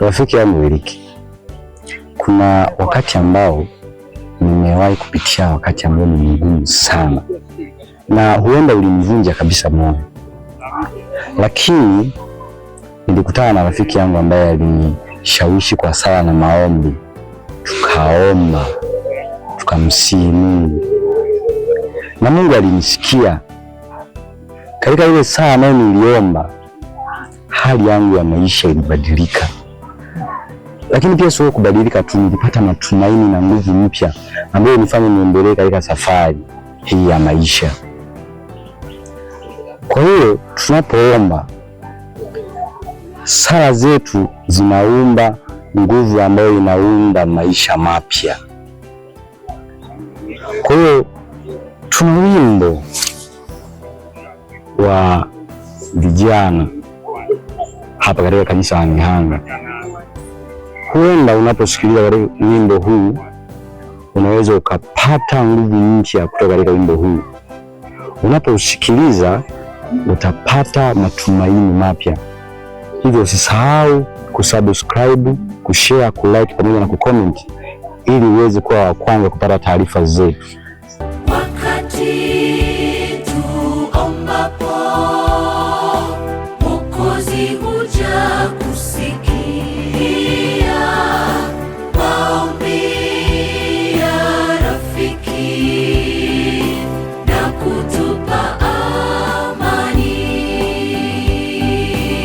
Rafiki yangu mmiliki, kuna wakati ambao nimewahi kupitia wakati ambao ni mgumu sana, na huenda ulimvunja kabisa moyo, lakini nilikutana na rafiki yangu ambaye alinishawishi kwa sala na maombi, tukaomba tukamsihi Mungu na Mungu alinisikia katika ile saa nayo niliomba, hali yangu ya maisha ilibadilika. Lakini pia sio kubadilika tu, nilipata matumaini na nguvu mpya ambayo nifanye niendelee katika safari hii ya maisha. Kwa hiyo tunapoomba sala zetu zinaumba nguvu ambayo inaunda maisha mapya. Kwa hiyo tuna wimbo wa vijana hapa katika kanisa la Mihanga huenda unaposikiliza katika wimbo huu unaweza ukapata nguvu mpya kutoka katika wimbo huu. unaposikiliza utapata matumaini mapya. Hivyo usisahau kusubscribe, kushare, kulike pamoja na kucomment ili uweze kuwa wa kwanza kupata taarifa zetu. Wakati tuombapo Mwokozi huja kusikia